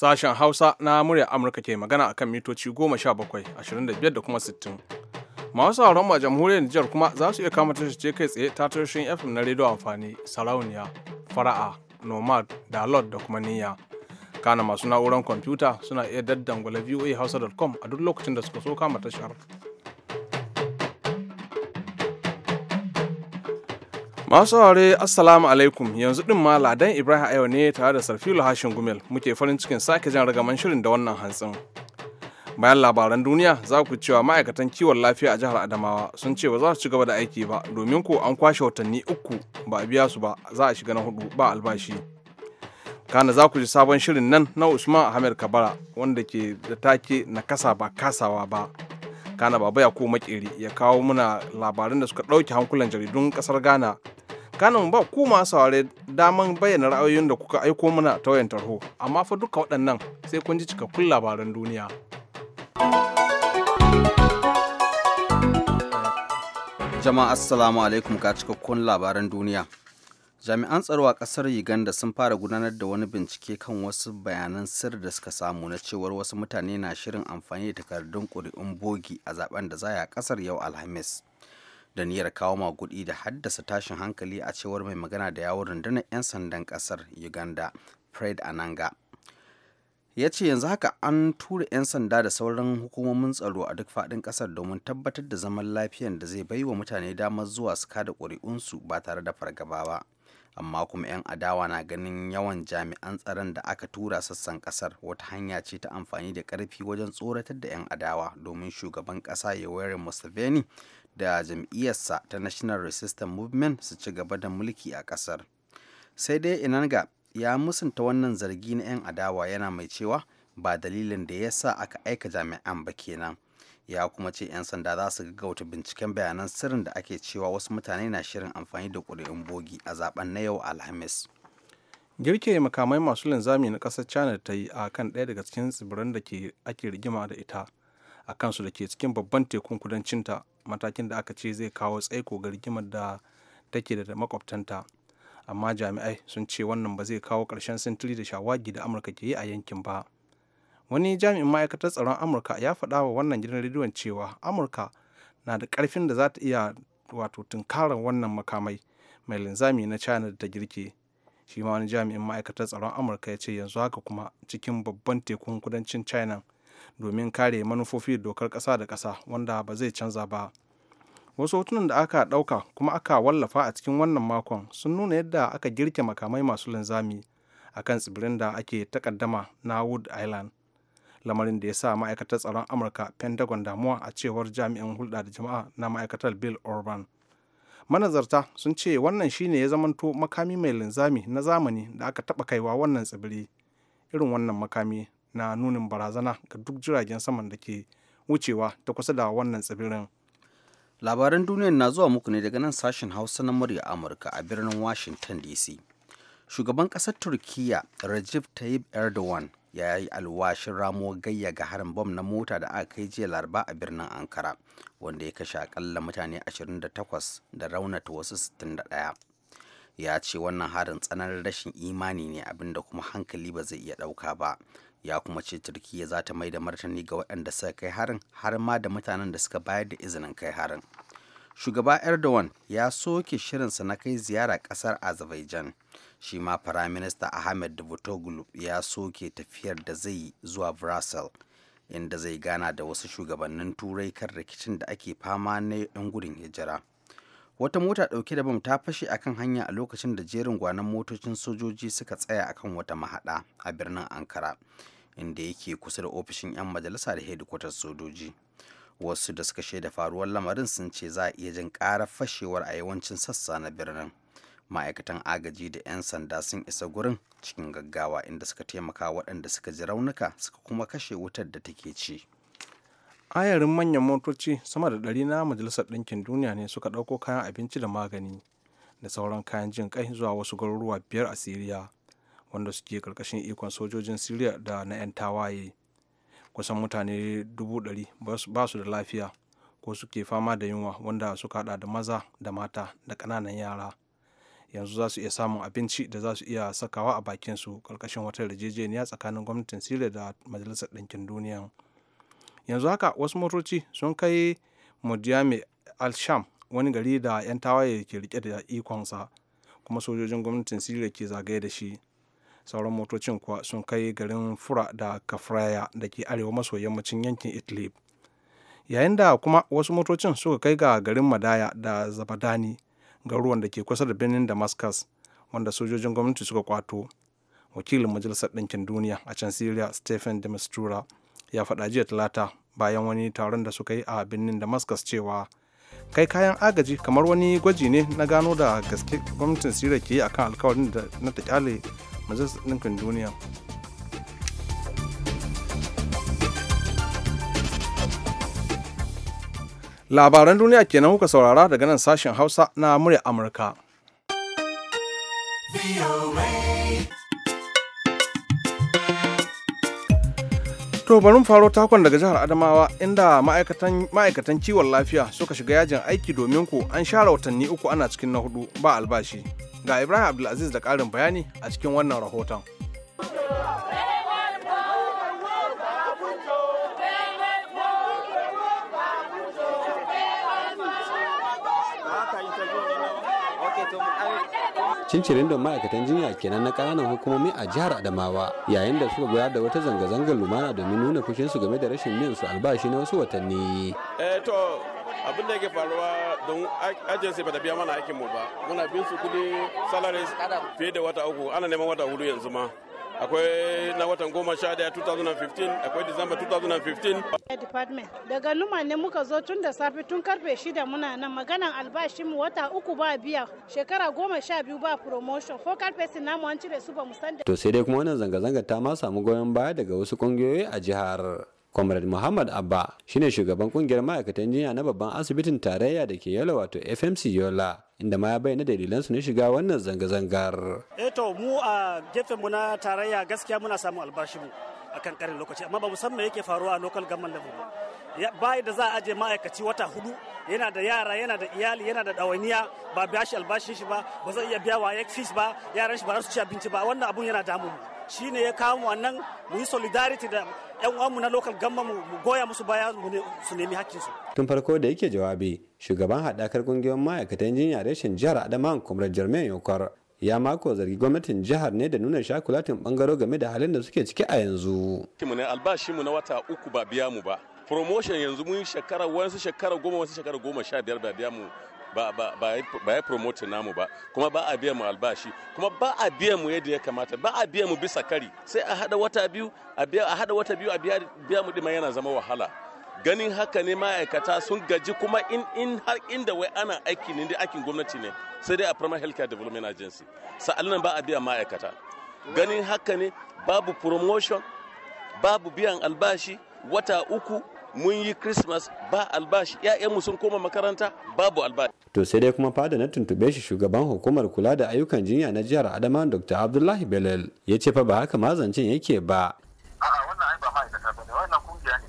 Sashen Hausa na murya Amurka ke magana akan mitoci 17, 25 da kuma 60. Masu sauran ma jamhuriyar Nijar kuma za su iya kama tashar kai tsaye ta tashoshin FM na rediyo amfani, sarauniya, fara'a, nomad, lord da kuma niyya. Kana masu na'urar kwamfuta suna iya daddangula hausa.com a duk lokacin da suka so kama tashar. Masu aure Assalamu alaikum yanzu din ma Ladan Ibrahim Ayo ne tare da Sarfilu Hashin Gumel muke farin cikin sake jan ragaman shirin da wannan hantsin. Bayan labaran duniya za ku cewa ma'aikatan kiwon lafiya a jihar Adamawa sun ce ba za su ci gaba da aiki ba domin ko an kwashe watanni uku ba a biya su ba za a shiga na hudu ba albashi. Kana za ku ji sabon shirin nan na Usman Ahmed Kabara wanda ke da take na kasa ba kasawa ba. Kana baba ya ko makeri ya kawo muna labaran da suka ɗauke hankulan jaridun ƙasar Ghana kanin ba ku masu saurare daman bayyana ra'ayoyin da kuka aiko mana ta wayan tarho amma fa duka waɗannan sai kun ji cikakkun labaran duniya jama'a assalamu alaikum ga cikakkun labaran duniya jami'an tsaro a kasar uganda sun fara gudanar da wani bincike kan wasu bayanan sirri da suka samu na cewar wasu mutane na shirin amfani da takardun ƙuri'un bogi a zaben da za a kasar yau alhamis da niyyar kawo kuɗi da haddasa tashin hankali a cewar mai magana da yawon rundunar 'yan sandan ƙasar uganda fred ananga ya ce yanzu haka an tura 'yan sanda da sauran hukumomin tsaro a duk faɗin ƙasar domin tabbatar da zaman lafiyan da zai baiwa mutane damar zuwa su kada ƙuri'unsu ba tare da fargaba ba amma kuma 'yan adawa na ganin yawan jami'an tsaron da aka tura sassan kasar wata hanya ce ta amfani da karfi wajen tsoratar da 'yan adawa domin shugaban kasa yoweri museveni da jam'iyyarsa ta national resistance movement su ci gaba da mulki a kasar sai dai inanga ya musanta wannan zargi na 'yan adawa yana mai cewa ba dalilin da ya sa aka aika jami'an ba kenan ya kuma ce 'yan sanda za su gaggauta binciken bayanan sirrin da ake cewa wasu mutane na shirin amfani da ƙuri'un bogi a zaben na yau alhamis girke makamai masu linzami na ƙasar china ta yi a kan ɗaya daga cikin tsibiran da ke ake rigima da ita a kansu da ke cikin babban tekun kudancin ta matakin da aka ce zai kawo tsaiko ga rigimar da take da makwabtanta amma jami'ai sun ce wannan ba zai kawo ƙarshen sintiri da shawagi da amurka ke yi a yankin ba wani jami'in ma'aikatar tsaron amurka ya faɗa wa wannan gidan rediyon cewa amurka na da ƙarfin da za ta iya wato tunkarar wannan makamai mai linzami na china da ta girke shi ma wani jami'in ma'aikatar tsaron amurka ya ce yanzu haka kuma cikin babban tekun kudancin china domin kare manufofi dokar ƙasa da ƙasa wanda ba zai canza ba wasu hotunan da aka ɗauka kuma aka wallafa a cikin wannan makon sun nuna yadda aka girke makamai masu linzami a kan tsibirin da ake takaddama na wood island lamarin da ya sa ma'aikatar tsaron amurka pentagon damuwa a cewar jami'in hulɗa da jama'a na ma'aikatar bill orban manazarta sun ce wannan shine ya zamanto makami mai linzami na zamani da aka taɓa kaiwa wannan tsibiri irin wannan makami na nunin barazana ga duk jiragen saman da ke wucewa ta kusa da wannan tsibirin labaran duniyar na zuwa muku ne daga nan sashen hausa na murya amurka a birnin washington dc shugaban ƙasar turkiya Recep Tayyip Erdogan ya yi alwashin ramo gayya ga harin bom na mota da aka kai jiya laraba a birnin ankara wanda ya kashe akalla mutane 28 da raunata wasu 61 ya ce wannan harin tsananin rashin imani ne abinda kuma hankali ba zai iya ɗauka ba ya kuma ce turkiyya za ta mai da martani ga waɗanda suka kai harin har ma da mutanen da suka bayar da izinin kai harin shugaba erdogan ya soke shirinsa na kai ziyara kasar azerbaijan shi ma firaminista ahmed davutoglu ya soke tafiyar da zai yi zuwa brussels inda zai gana da wasu shugabannin turai kan rikicin da ake fama na 'yan gudun hijira wata mota dauke da bam ta fashe akan hanya a lokacin da jerin gwanon motocin sojoji suka tsaya akan wata mahaɗa a birnin ankara inda yake kusa da ofishin 'yan majalisa da hedikwatar sojoji wasu da suka shaida faruwar lamarin sun ce za a iya jin ƙarar fashewar a yawancin sassa na birnin ma'aikatan agaji da 'yan sanda sun isa gurin cikin gaggawa inda suka taimaka waɗanda suka ji raunuka suka kuma kashe wutar da take ci ayarin manyan motoci sama da ɗari na majalisar ɗinkin duniya ne suka ɗauko kayan abinci da magani da sauran kayan jin kai zuwa wasu garuruwa biyar a siriya wanda suke ƙarƙashin ikon sojojin siriya da na 'yan tawaye kusan mutane dubu ɗari ba su da lafiya ko suke fama da yunwa wanda suka hada da maza da mata da ƙananan yara yanzu za su iya samun abinci da za su iya sakawa a bakin bakinsu ƙarƙashin wata yarjejeniya tsakanin gwamnatin siriya da majalisar ɗinkin duniya yanzu haka wasu motoci sun kai mujami al-sham wani gari da 'yan tawaye ke rike da ikonsa kuma sojojin gwamnatin siriya ke zagaye da shi sauran motocin kuwa sun kai garin fura da kafraya da ke arewa maso yammacin yankin idlib yayin da kuma wasu motocin suka kai ga garin madaya da zabadani garuruwan da ke kusa da birnin damascus wanda sojojin gwamnati suka kwato wakilin majalisar ɗinkin duniya a can syria stephen de mistura ya faɗa jiya talata bayan wani taron da suka yi a birnin damascus cewa kai kayan agaji kamar wani gwaji ne na gano da gaske gwamnatin syria ke yi akan alkawarin da na ta kyale majalisar ɗinkin duniya labaran duniya kenan kuka saurara daga nan sashen hausa na murya amurka To bari faro takon daga jihar Adamawa inda ma'aikatan ciwon lafiya suka shiga yajin aiki domin ku an share watanni uku ana cikin na hudu ba albashi. Ga Ibrahim Abdulaziz da ƙarin bayani a cikin wannan rahoton. cincirin da ma'aikatan jinya kenan na ƙananan hukumomi a jihar adamawa yayin da suka gudanar da wata zanga-zangar lumana domin nuna fushinsu game da rashin biyan su albashi na wasu watanni eh, abin da yake faruwa don agency ta biya mana aikin mu ba muna bin su kudi salaries fiye da wata uku ana neman wata hudu yanzu ma akwai na watan goma sha daya 2015 akwai disamba 2015 department daga numa ne muka zo tun da safe tun karfe shida muna nan maganan albashinmu wata uku ba biya shekara goma sha biyu ba promotion ko karfe namu an cire su ba mu san to sai dai kuma wannan zanga-zanga ta ma samu goyon baya daga wasu kungiyoyi a jihar comrade muhammad abba shine shugaban kungiyar ma'aikatan jinya na babban asibitin tarayya da ke yola wato fmc yola inda ma ya bayyana su na shiga wannan zanga-zangar. Eto eh mu a gefenmu na tarayya gaskiya muna samun albashinmu a kan karin lokaci amma ba musamman yake faruwa a local government level ba. bayan da za a aje ma'aikaci wata hudu yana da yara yana da iyali yana da ɗawainiya ba biya shi albashin shi ba ba zai iya biya wa fish ba yaran shi ba za su ci abinci ba wannan abun yana damu mu shi ne ya kawo wannan mu yi solidarity da yan uwanmu na local gamma mu goya musu baya su nemi su. tun farko da yake jawabi shugaban haɗakar kungiyoyin ma'aikatan jinya reshen jihar adama kumrar jarmiyan yokar ya mako zargi gwamnatin jihar ne da nuna shakulatin bangaro game da halin da suke ciki a yanzu. mu ne albashi mu na wata uku ba biya mu ba promotion yanzu mun shekara wasu shekara goma wasu shekara goma sha biyar ba biya mu ba ya promote namu ba kuma ba a biya mu albashi kuma ba a biya mu yadda ya kamata ba a biya mu bisa kari sai a hada wata biyu a biya a hada wata biyu a biya mu dima yana zama wahala ganin haka ne ma'aikata sun gaji kuma in in har inda wai ana aiki ne da aikin gwamnati ne sai dai a primary healthcare development agency sa'alin ba a biya ma'aikata ganin haka ne babu promotion babu biyan albashi wata uku mun yi christmas ba albashi mu sun koma makaranta babu albashi to sai dai kuma fada na tuntube shi shugaban hukumar kula da ayyukan jinya na jihar adama dr abdullahi belel ya ce fa ba haka mazancin yake ba a'a wannan ai ba ma'aikata bane wannan kungiya ne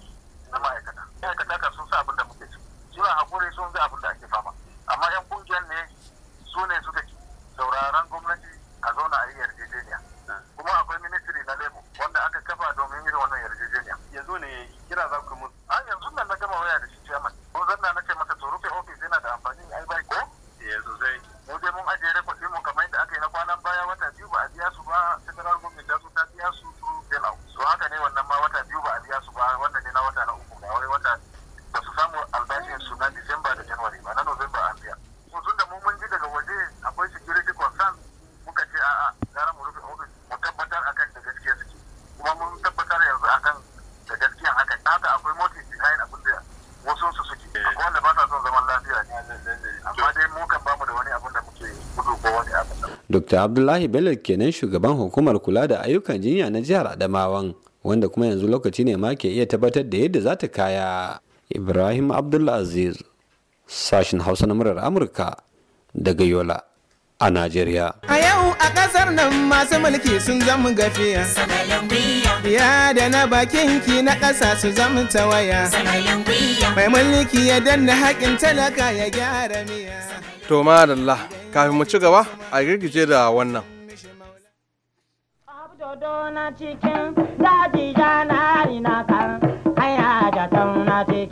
na ma'aikata ma'aikata ka sun sa abin da muke ci suna hakuri sun ga abin da ake fama amma yan kungiyar ne su ne suka sauraron dr abdullahi bello kenan shugaban hukumar kula da ayyukan jinya na jihar adamawan wanda kuma yanzu lokaci ne ma ke iya tabbatar da yadda za ta kaya ibrahim abdulaziz sashin hausa na murar amurka daga yola a najeriya a yau a kasar nan masu mulki sun zama gafiya ya da na bakin ki na ƙasa su zama tawaya mai mulki ya danna haƙin talaka ya gyara miya to Allah. kafin mu ci gaba a girgije da wannan Dodo na cikin daji janari na kan, hanya jatan na cikin.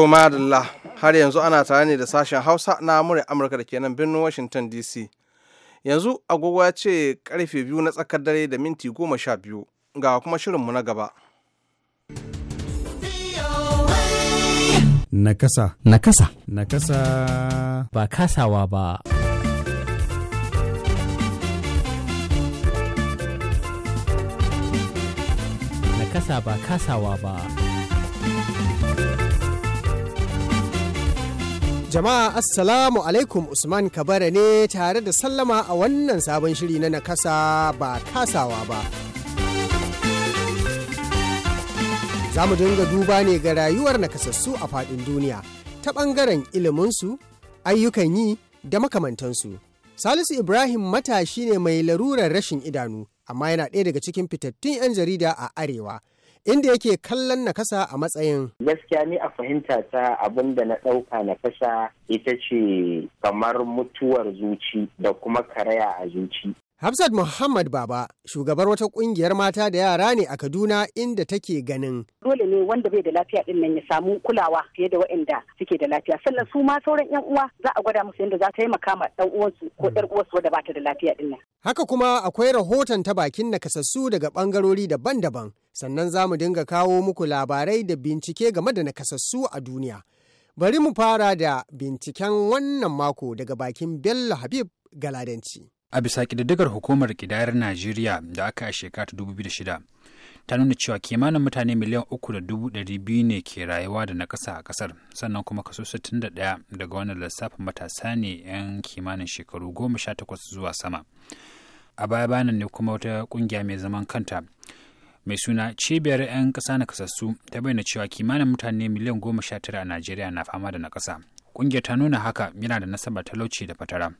To madalla har yanzu ana tare ne da sashen Hausa na murya Amurka da ke nan birnin Washington DC. Yanzu agogo ya ce karfe biyu na tsakar dare da minti goma sha biyu ga kuma shirinmu na gaba. Nakasa. Nakasa. Nakasa. Ba kasawa ba. Nakasa ba kasawa ba. Jama'a Assalamu alaikum Usman Kabara ne tare da sallama a wannan sabon shiri na nakasa ba kasawa ba. Za mu dinga duba ne ga rayuwar nakasassu a faɗin duniya ta ɓangaren iliminsu, ayyukan yi da makamantansu. Salisu Ibrahim matashi ne mai larurar rashin idanu, amma yana ɗaya daga cikin fitattun 'yan jarida a Arewa. inda yake kallon nakasa a matsayin. Gaskiya ni a fahimta ta abin da na ɗauka nakasa ita ce kamar mutuwar zuci da kuma karaya a zuci. Hafsat Muhammad Baba shugabar wata kungiyar mata da yara ne a Kaduna inda take ganin. Dole ne wanda bai da lafiya din nan ya samu kulawa fiye da waɗanda suke da lafiya. Sannan su ma sauran ƴan uwa za a gwada musu yadda za ta yi makama ɗan uwansu ko ɗan uwansu wadda bata da lafiya din nan. Haka kuma akwai rahoton ta bakin nakasassu daga bangarori daban-daban. Sannan za mu dinga kawo muku labarai da bincike game da nakasassu a duniya. Bari mu fara da binciken wannan mako daga bakin Bello Habib Galadanci. A bisa ƙididdigar hukumar ƙidayar Najeriya da aka a shekara ta 2006, ta nuna cewa kimanin mutane miliyan uku da dubu ɗari biyu ne ke rayuwa da na nakasa a ƙasar, sannan kuma kaso 61 daga wannan lissafin matasa ne 'yan kimanin shekaru goma sha takwas zuwa sama. A baya bayanan ne kuma wata ƙungiya mai zaman kanta mai suna cibiyar 'yan ƙasa na kasassu ta bayyana cewa kimanin mutane miliyan goma sha tara a Najeriya na fama da nakasa. Ƙungiyar ta nuna haka yana da nasaba talauci da fatara.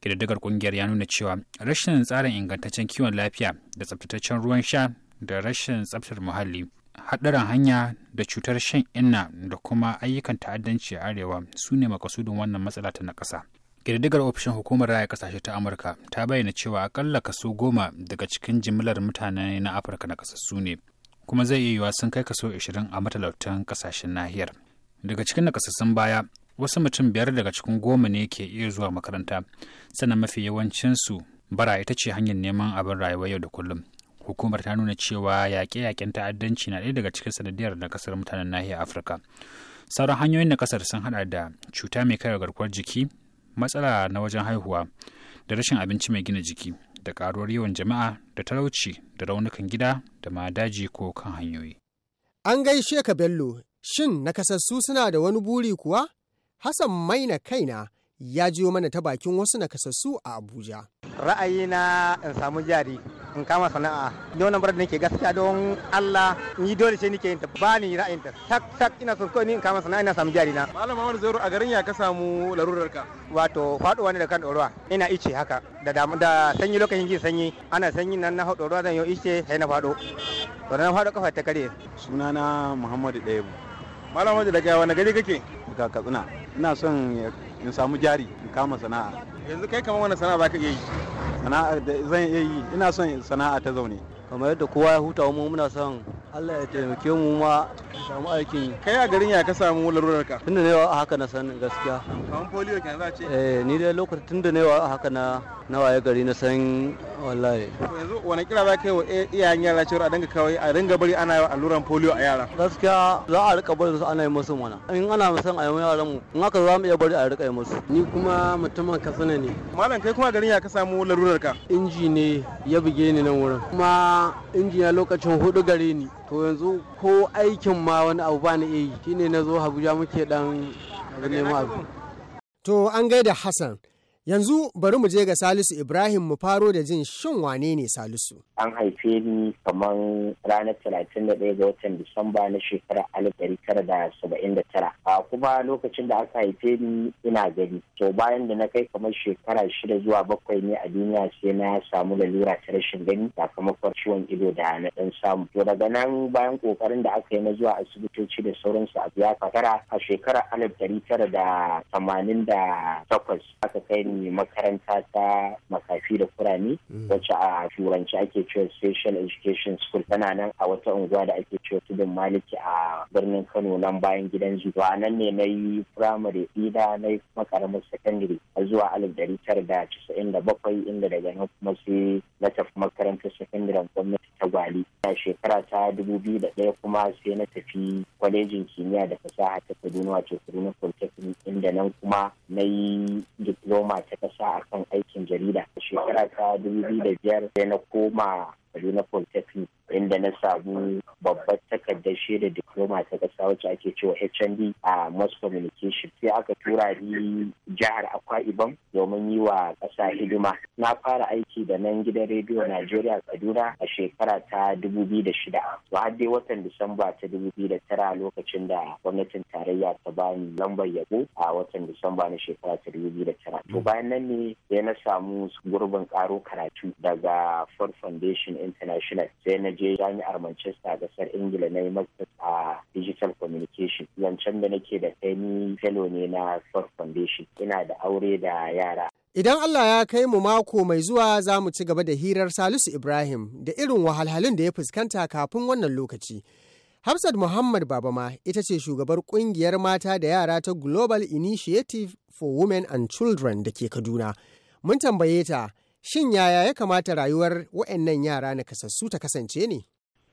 kididdigar kungiyar ya nuna cewa rashin tsarin ingantaccen kiwon lafiya da tsabtataccen ruwan sha da rashin tsabtar muhalli haɗarin hanya da cutar shan inna da kuma ayyukan ta'addanci a arewa su ne makasudin wannan matsala ta nakasa. ƙasa ofishin hukumar raya kasashe ta amurka ta bayyana cewa akalla kaso goma daga cikin jimlar mutane na afirka na su ne kuma zai iya yiwuwa sun kai kaso ashirin a matalautan kasashen nahiyar daga cikin nakasassun baya wasu mutum biyar daga cikin goma ne ke iya zuwa makaranta sannan mafi yawancinsu bara ita ce hanyar neman abin rayuwa yau da kullum hukumar ta nuna cewa yaƙe-yaƙen ta'addanci na ɗaya daga cikin sanadiyar na kasar mutanen nahiyar afirka sauran hanyoyin na kasar sun hada da cuta mai kare garkuwar jiki matsala na wajen haihuwa da rashin abinci mai gina jiki da karuwar yawan jama'a da talauci da raunukan gida da ma daji ko kan hanyoyi an gaishe ka bello shin nakasassu suna da wani buri kuwa hassan maina kaina ya jiyo mana ta bakin wasu nakasassu a Abuja. Ra'ayi na in samu jari in kama sana'a da wannan bar da nake gaskiya don Allah ni dole ce nake yin ta ba ni ra'ayin ta Tak tak ina son ko ni in kama sana'a ina samu jari na malam Muhammad Zairu a garin ya ka samu larurar ka wato faduwa ne da kan dorowa ina ice haka da da sanyi lokacin jin sanyi ana sanyi nan na dorowa zan yi ice sai na fado to na fado kafa ta kare sunana Muhammad Dayebu malam Muhammad daga wani gari kake daga Katsina ina son in samu jari in kama sana'a yanzu kai kamar wani sana'a ba ka iya yi sana'a da zan iya yi ina son sana'a ta zaune kamar yadda kowa ya huta mu muna son Allah ya taimake mu ma samu aikin kai a garin ya ka samu larurar ka tunda ne a haka na san gaskiya kaman polio kenan za ce eh ni dai lokacin tunda ne a haka na na waye gari na san wallahi yanzu wani kira za kai wa iyayen yara cewa a dinga kawai a dinga bari ana yi alluran polio a yara gaskiya za a rika bari su ana yi musu mana in ana musan a yawan yaran mu in haka za mu iya bari a rika yi musu ni kuma mutumin katsina ne malam kai kuma garin ya ka samu larurar ka inji ne ya buge ni nan wurin kuma injiya injina lokacin hudu gare ni to yanzu ko aikin ma wani abu ba na iya yi shine na zo habuja muke dan neman abu to an gaida hassan Yanzu bari mu je ga Salisu Ibrahim mu faro da jin shin wane ne Salisu. An haife ni kamar ranar talatin ga watan Disamba na shekarar alif tara A kuma lokacin da aka haife ni ina gari. To bayan da na kai kamar shekara shida zuwa bakwai ne a duniya sai na samu lalura ta rashin gani sakamakon ciwon ido da na ɗan samu. To daga nan bayan ƙoƙarin da aka yi na zuwa asibitoci da sauransu a biya fatara a shekarar alif da tamanin aka kai makaranta ta makafi da kurani mm. wacce a turanci ake cewa special education school tana nan a wata unguwa da ake cewa tudun maliki a birnin kano nan bayan gidan zuwa nan ne na yi firamare ɗina na yi makaramar a zuwa alif dari tara da casa'in da bakwai inda daga nan kuma sai na tafi makarantar secondary gwamnati ta gwali a shekara ta dubu biyu da ɗaya kuma sai na tafi kwalejin kimiyya da fasaha ta kaduna wato kaduna polytechnic inda nan kuma na yi diploma ta a kan aikin jarida shekara ta dubu biyu da biyar sai na koma Kaduna Polytechnic inda na samu babbar takardar shaida diploma ta kasa wacce ake cewa HND a mass communication sai aka tura ni jihar Akwa Ibom domin yi wa ƙasa hidima. Na fara aiki da nan gidan rediyo Najeriya Kaduna a shekara ta 2006 har dai watan Disamba ta 2009 lokacin da gwamnatin tarayya ta ba ni lambar yabo a watan Disamba na shekara ta 2009. To bayan nan ne ya na samu gurbin karo karatu daga Ford Foundation international sai na je jami'ar manchester gasar ingila na yi a digital communication zancen da nake da kai fellow ne na ford foundation ina da aure da yara Idan Allah ya kai mu mako mai zuwa za mu ci gaba da hirar Salisu Ibrahim da irin wahalhalun da ya fuskanta kafin wannan lokaci. Hafsat Muhammad Babama ita ce shugabar kungiyar mata da yara ta Global Initiative for Women and Children da ke Kaduna. Mun tambaye ta Shin yaya ya kamata rayuwar waɗannan yara nakasassu ta kasance ne?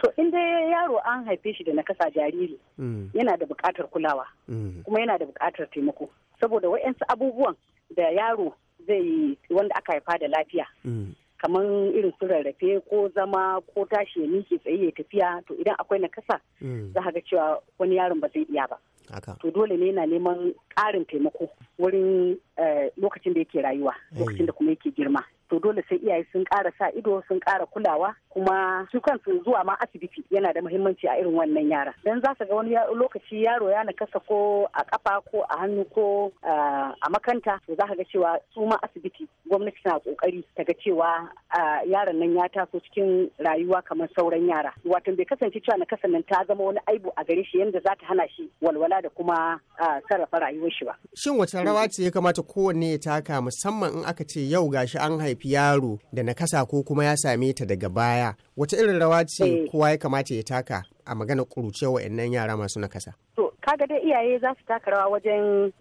To in dai yaro an haife shi da nakasa jariri mm. yana da buƙatar kulawa mm. kuma yana da buƙatar taimako saboda waɗansu abubuwan da yaro zai wanda aka haifa da lafiya mm. kamar irin su rarrafe ko zama ko tashi ya miƙe tsaye ya tafiya to idan akwai nakasa za ga cewa wani yaron ba zai iya ba. to dole ne na neman ƙarin taimako wurin eh, lokacin da yake rayuwa lokacin da kuma yake girma to dole sai iyaye sun kara sa ido sun kara kulawa kuma su kansu zuwa ma asibiti yana da muhimmanci a irin wannan yara dan za su ga wani lokaci yaro ya nakasa ko a kafa ko a hannu ko eh, a makanta to za ka ga cewa su ma asibiti gwamnati na kokari ta ga cewa eh, yaron nan ya taso cikin rayuwa kamar sauran yara wato bai kasance cewa nakasan nan ta zama wani aibu a gare shi yadda za ta hana shi walwala da kuma eh, sarrafa rayuwar shi ba shin wace rawa ce ya kamata kowanne ya taka musamman in aka ce yau gashi an haifi haifi yaro da nakasa ko kuma ya same ta daga baya wata irin rawa ce eh. kowa ya kamata ya taka a magana kuruce wa'annan yara masu nakasa. To kaga dai iyaye za su taka rawa wajen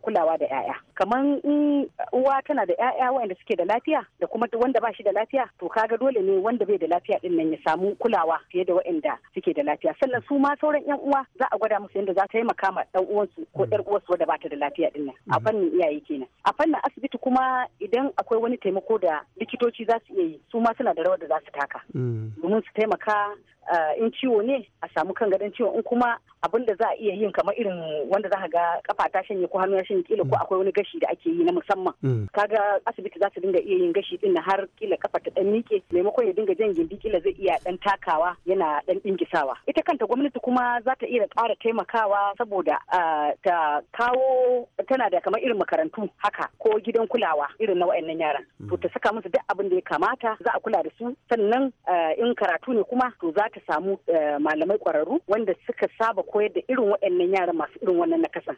kulawa da 'ya'ya kamar in uwa tana da 'ya'ya waɗanda suke da lafiya da kuma wanda ba shi da lafiya to kaga dole ne wanda bai da lafiya din nan ya samu kulawa fiye da waɗanda suke da lafiya sannan su ma sauran 'yan uwa za a gwada musu yadda za ta taimaka ma ɗan uwansu ko ɗan hmm. uwansu wanda ba ta da lafiya din nan a hmm. fannin iyaye kenan a fannin asibiti kuma idan akwai wani taimako da likitoci za su iya yi su ma suna da rawar da za su taka hmm. domin su taimaka in ciwo ne a samu kan gadon ciwo in kuma abin da za a iya yin kamar irin wanda za ka ga kafa ta shanye ko hannu ya shanye kila ko mm. akwai wani gashi da ake yi na musamman mm. kaga asibiti za su dinga iya yin gashi din na har kila kafa ta dan mike maimakon ya dinga jan gindi kila zai iya dan takawa yana dan dingisawa ita kanta gwamnati kuma za ta iya ƙara taimakawa saboda ah, ta kawo tana da kamar irin makarantu haka ko gidan kulawa irin na wayannan yaran mm. to ta saka musu duk abin da ya kamata za a kula da su sannan ah, in karatu ne kuma to za ta samu eh, malamai kwararru wanda suka saba koyar da irin wayannan wannan yaran masu irin wannan nakasan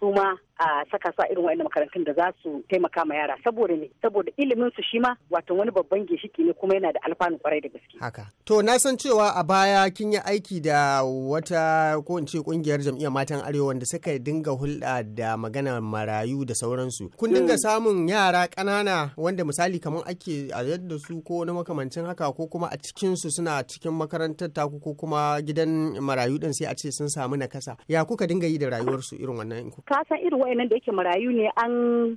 su ma a saka su a irin wannan makarantun da za su taimaka ma yara saboda ne saboda ilimin su shi ma wato wani babban gishiki ne kuma yana da alfanu kwarai da gaske haka to na san cewa a baya kin yi aiki da wata ko in ce kungiyar jam'iyyar matan arewa wanda suka dinga hulɗa da magana marayu da sauransu kun dinga mm. samun yara ƙanana wanda misali kamar ake a yadda su ko na makamancin haka ko kuma a cikin su suna cikin makarantar taku ko kuma gidan marayu din sai a ce sun samu nakasa ya ya kuka dinga yi da rayuwarsu irin wannan ka san irin wayannan da yake marayu ne an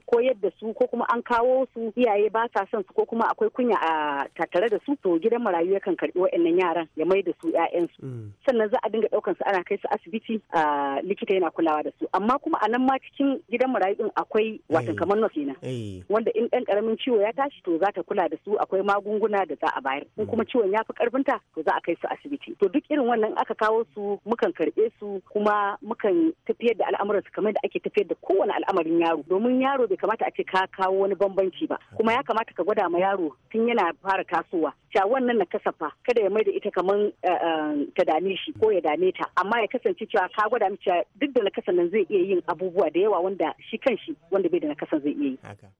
koyar da su ko kuma an kawo su iyaye ba sa son su ko kuma akwai kunya a tattare da su to gidan marayu yakan karbi wayannan yaran ya mai da su su mm. sannan za a dinga daukan su ana kai su asibiti a likita yana kulawa da su amma kuma a nan ma cikin gidan marayu din akwai watan eh. kamar nurse na eh. wanda in dan karamin ciwo ya tashi to za ta kula da su akwai magunguna da za a bayar in kuma mm. ciwon ya fi karfinta to za a kai su asibiti to duk irin wannan aka kawo su mukan karbe su kuma mukan tafiyar da al'amuran su kamar da ake tafiyar da kowane al'amarin yaro domin yaro bai kamata a ce ka kawo wani bambanci ba kuma ya kamata ka gwada ma yaro tun yana fara tasowa cewa wannan na kasafa kada ya mai da ita kamar eh, eh, ta dame shi ko ya dame ta amma ya kasance cewa ka gwada mu cewa duk da nakasan nan zai iya yin abubuwa da yawa wanda shi kanshi wanda bai da nakasan zai iya yi.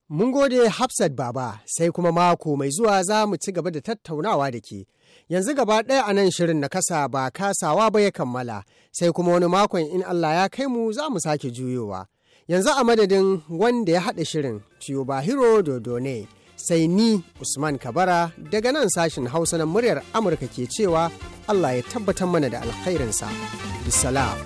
Mun gode Hafsat Baba sai kuma mako mai zuwa za mu ci gaba da tattaunawa da ke. yanzu gaba ɗaya a nan shirin na kasa ba kasawa ba ya kammala sai kuma wani makon in Allah ya kai mu za mu sake juyowa yanzu a madadin wanda ya haɗa shirin ciyo bahiro dodo ne sai ni usman kabara daga nan sashin hausa na muryar amurka ke cewa Allah ya tabbatar mana da alkhairinsa bisalam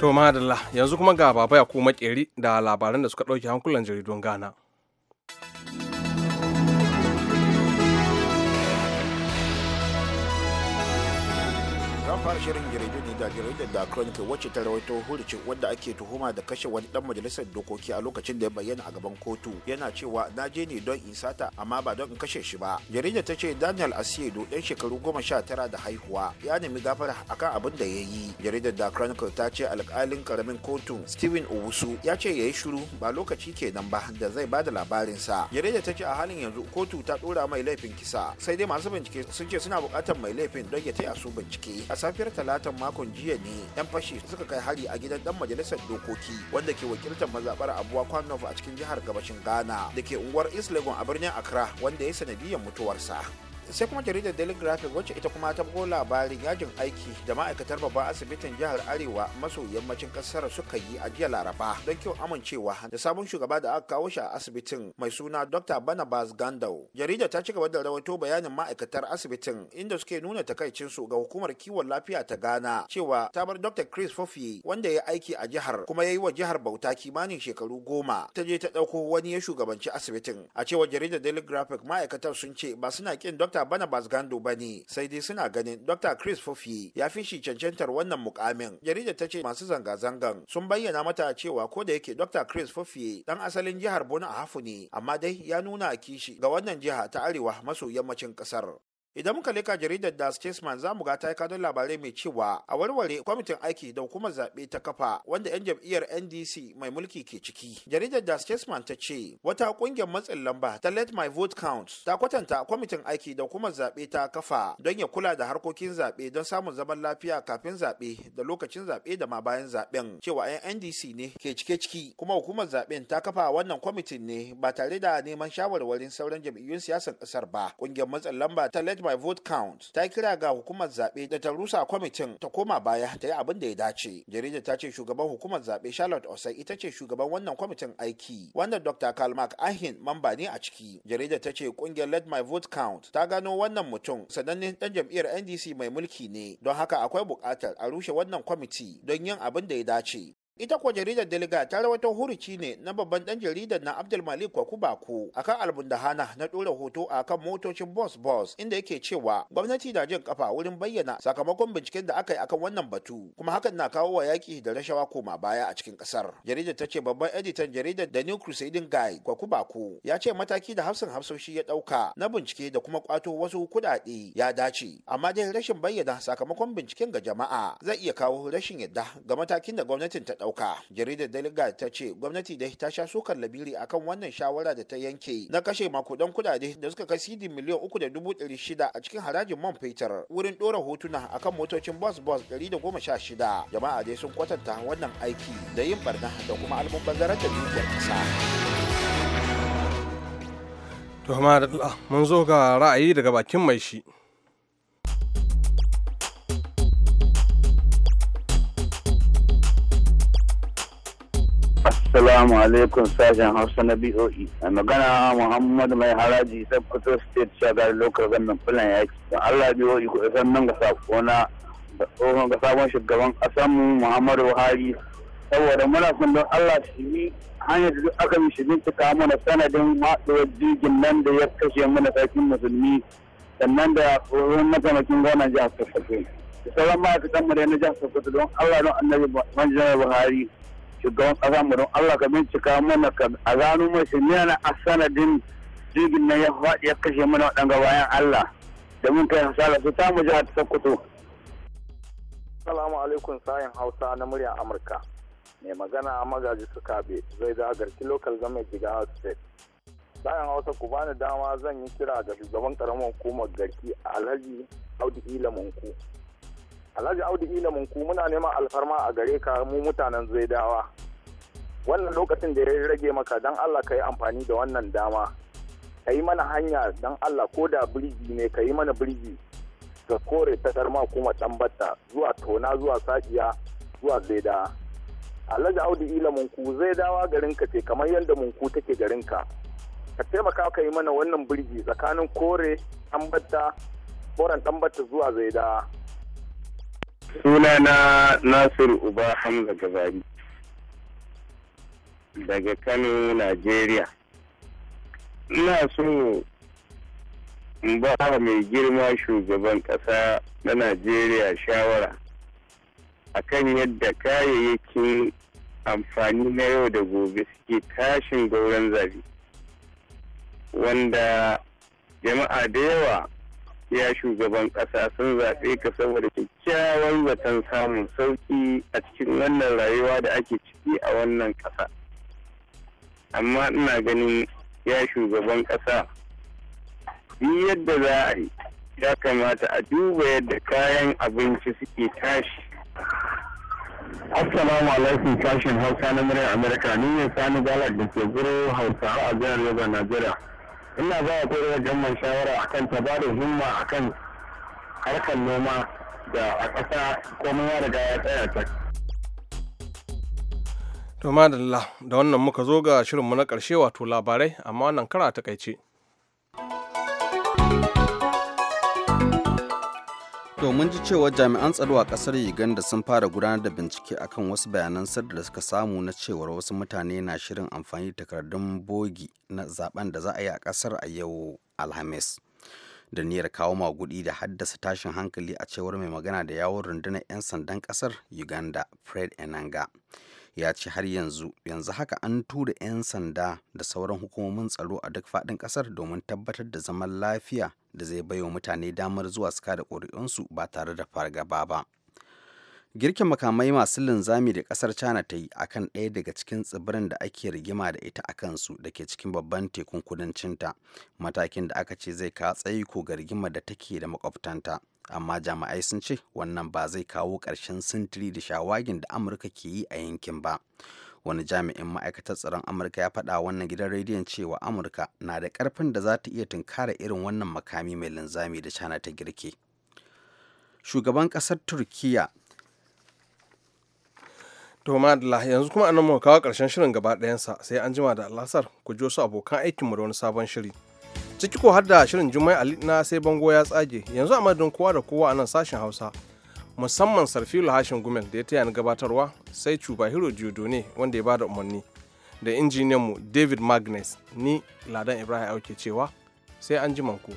To madalla yanzu kuma ga baba ya kuma da labaran da suka ɗauki hankulan jaridun Ghana. fara shirin ne da jaridar da chronicle wacce ta rawaito hulicin wadda ake tuhuma da kashe wani dan majalisar dokoki a lokacin da ya bayyana a gaban kotu yana cewa na je ne don in sata amma ba don in kashe shi ba jaridar ta ce daniel asiedo dan shekaru goma sha tara da haihuwa ya nemi gafara akan abin da ya yi jaridar da chronicle ta ce alkalin karamin kotu steven owusu ya ce ya yi shiru ba lokaci kenan ba da zai ba bada labarinsa jaridar ta ce a halin yanzu kotu ta dora mai laifin kisa sai dai masu bincike sun ce suna bukatar mai laifin don ya taya su bincike a safiyar talatan makon jiya ne 'yan fashi suka kai hari a gidan dan majalisar dokoki wanda ke wakiltar mazabar abuwa kwanof a cikin jihar gabashin ghana da ke unguwar islegon a birnin accra wanda ya sanadiyar mutuwarsa sai kuma jaridar daily graphic wacce ita kuma ta bugo labarin yajin aiki da ma'aikatar babban asibitin jihar arewa maso yammacin kasar suka yi a jiya laraba don kyau amincewa da sabon shugaba da aka kawo shi a asibitin mai suna dr barnabas gandau jarida ta ci gaba da rawaito bayanin ma'aikatar asibitin inda suke nuna takaicinsu ga hukumar kiwon lafiya ta ghana cewa ta bar dr chris fofi wanda ya aiki a jihar kuma ya yi wa jihar bauta kimanin shekaru goma ta je ta ɗauko wani ya shugabanci asibitin a cewa jaridar daily graphic ma'aikatar sun ce ba suna kin dr Dr. Bana gando ba ne, sai dai suna ganin Dr. Chris Fufi ya fi shi cancantar wannan mukamin. Jarida ta ce masu zanga-zangan sun bayyana mata cewa ko da yake Dr. Chris Fufi dan asalin jihar bona a hafu ne, amma dai ya nuna kishi ga wannan jiha ta arewa maso yammacin kasar. idan muka leka jaridar da statesman za mu ga ta kano labarai mai cewa a warware kwamitin aiki da hukumar zabe ta kafa wanda 'yan jam'iyyar ndc mai mulki ke ciki jaridar da statesman ta ce wata kungiyar matsin lamba ta let my vote count ta kwatanta kwamitin aiki da hukumar zabe ta kafa don ya kula da harkokin zaɓe don samun zaman lafiya kafin zaɓe da lokacin zaɓe da ma bayan zaben cewa 'yan ndc ne ke cike ciki kuma hukumar zaben ta kafa wannan kwamitin ne ba tare da neman shawarwarin sauran jam'iyyun siyasar ƙasar ba kungiyar matsin lamba ta let by vote count ta kira ga hukumar zaɓe da ta rusa kwamitin ta koma baya ta yi abin da ya dace. Jaridar ta ce shugaban hukumar zaɓe Charlotte Osei ita ce shugaban wannan kwamitin aiki wanda Dr. Karl Mark Ahin mamba ne a ciki. Jaridar ta ce kungiyar Let My Vote Count ta gano wannan mutum sanannen dan jam'iyyar NDC mai mulki ne don haka akwai bukatar a rushe wannan kwamiti don yin abin da ya dace. ita kuwa jaridar deliga ta rawaito huruci ne na babban dan jaridar na abdulmalik kwakubaku akan albundahana na dora hoto a kan motocin bus bus inda yake cewa gwamnati na jin kafa wurin bayyana sakamakon binciken da aka yi akan wannan batu kuma hakan na kawo wa yaki da rashawa koma baya a cikin kasar jaridar ta ce babban editan jaridar da new crusading guy kwakubaku ya ce mataki da hafsan hafsoshi ya dauka na bincike da kuma kwato wasu kudade ya dace amma dai rashin bayyana sakamakon binciken ga jama'a zai iya kawo rashin yadda ga matakin da gwamnatin ta ɗauka jaridar daliga ta ce gwamnati da ta sha sukar labiri akan wannan shawara da ta yanke na kashe makudan kudade da suka kai sidi miliyan uku da dubu ɗari shida a cikin harajin man fetur wurin ɗora hotuna akan motocin bus bus ɗari da goma sha shida jama'a dai sun kwatanta wannan aiki da yin barna da kuma bazarar da dukiyar ƙasa. to mun zo ga ra'ayi daga bakin mai shi Assalamu alaikum sashen Hausa na BOE. A magana Muhammad Mai Haraji Sokoto State Shagar Local Government Filan Yaki. Don Allah BOE ku isan nan ga sakona da tsohon ga sabon shugaban ƙasarmu Muhammadu Buhari. Saboda muna son don Allah shi bi hanyar da aka yi shi bincika mana sanadin haɗuwar jirgin nan da ya kashe mana sarkin musulmi sannan da tsohon mataimakin gwamnan jihar Sokoto. Sauran ma'aikatan mu da na jihar Sokoto don Allah don annabi Buhari. shugaban kasa mu don Allah ka bincika mana ka a gano mai shi na a sanadin jirgin nan ya faɗi ya kashe mana waɗanga bayan Allah da mun kai hasala su samu jiha ta Sokoto. Salamu alaikum sayin Hausa na muryar Amurka. Mai magana magaji su kabe zai zagarci garki local government jiga state. Sayan Hausa ku bani dama zan yi kira ga shugaban karamar hukumar garki a Alhaji Audu Ila Manku. alhaji audu ila ku muna neman alfarma a gare ka mu mutanen zaidawa wannan lokacin da ya rage maka don allah ka yi amfani da wannan dama ka yi mana hanya don allah ko da birgi ne ka yi mana birgi ga kore ta karma kuma tambata zuwa tona zuwa sajiya zuwa Zaidawa. alhaji audu ila munku zaidawa ka ce kamar yadda munku take garin ka Ka taimaka ka yi mana wannan birgi tsakanin kore tambata koren tambata zuwa zaidawa Suna na Nasir Uba Hamza gabari daga Kano, Najeriya. Ina so in ba mai girma shugaban kasa na Najeriya shawara akan yadda kayayyakin amfani na yau da gobe suke tashin gauran zabi wanda jama'a da yawa ya shugaban ƙasa sun zaɓe ka saboda kyakkyawan zaton samun sauƙi a cikin wannan rayuwa da ake ciki a wannan ƙasa amma ina ganin ya shugaban ƙasa bi yadda za a yi ya kamata a duba yadda kayan abinci suke tashi Assalamu alaikum sashen Hausa na muryar Amurka ne ne Sani galar da ke guro Hausawa a jihar na Najeriya. ina ba wa da jamman shawara akan ta ba da himma akan harkar noma da a ƙasa komai ya riga ya tsaya ta to madalla da wannan muka zo ga shirinmu na ƙarshe wato labarai amma wannan kara takaice To mun ji cewa jami'an tsaro a kasar Uganda sun fara gudanar da bincike akan wasu bayanan sirri da suka samu na cewar wasu mutane na shirin amfani da takardun bogi na zaben da za a yi a kasar a yau Alhamis. Da niyyar kawo magudi da haddasa tashin hankali a cewar mai magana da yawon rundunar 'yan sandan kasar Uganda Fred Enanga. ya ce har yanzu yanzu haka an tura 'yan sanda da sauran hukumomin tsaro a duk faɗin ƙasar domin tabbatar da zaman lafiya da zai baiwa mutane damar zuwa su kada ƙuri'unsu ba tare da fargaba ba. girkin makamai masu linzami da kasar china ta yi akan ɗaya daga cikin tsibirin da ake rigima da ita a kansu da ke cikin babban tekun kudancinta matakin da aka ce zai kawo ko ga rigima da take da makwabtanta amma jami'ai sun ce wannan ba zai kawo ƙarshen sintiri da shawagin da amurka ke yi a yankin ba wani jami'in ma'aikatar tsaron amurka ya faɗa wannan gidan rediyon cewa amurka na da ƙarfin da za ta iya tunkara irin wannan makami mai linzami da china ta girke shugaban ƙasar turkiya To madalla yanzu kuma anan muka kawo ƙarshen shirin gaba ɗayansa sai an jima da alasar ku ji wasu abokan aikinmu da wani sabon shiri. Ciki ko har da shirin Jummai Ali na sai bango ya tsage yanzu a madadin kowa da kowa anan sashin sashen Hausa. Musamman Sarfilu Hashin Gumel da ya taya ni gabatarwa sai Cubahiro ne wanda ya bada umarni da injiniyan mu David Magnus ni Ladan Ibrahim Auke cewa sai an ku.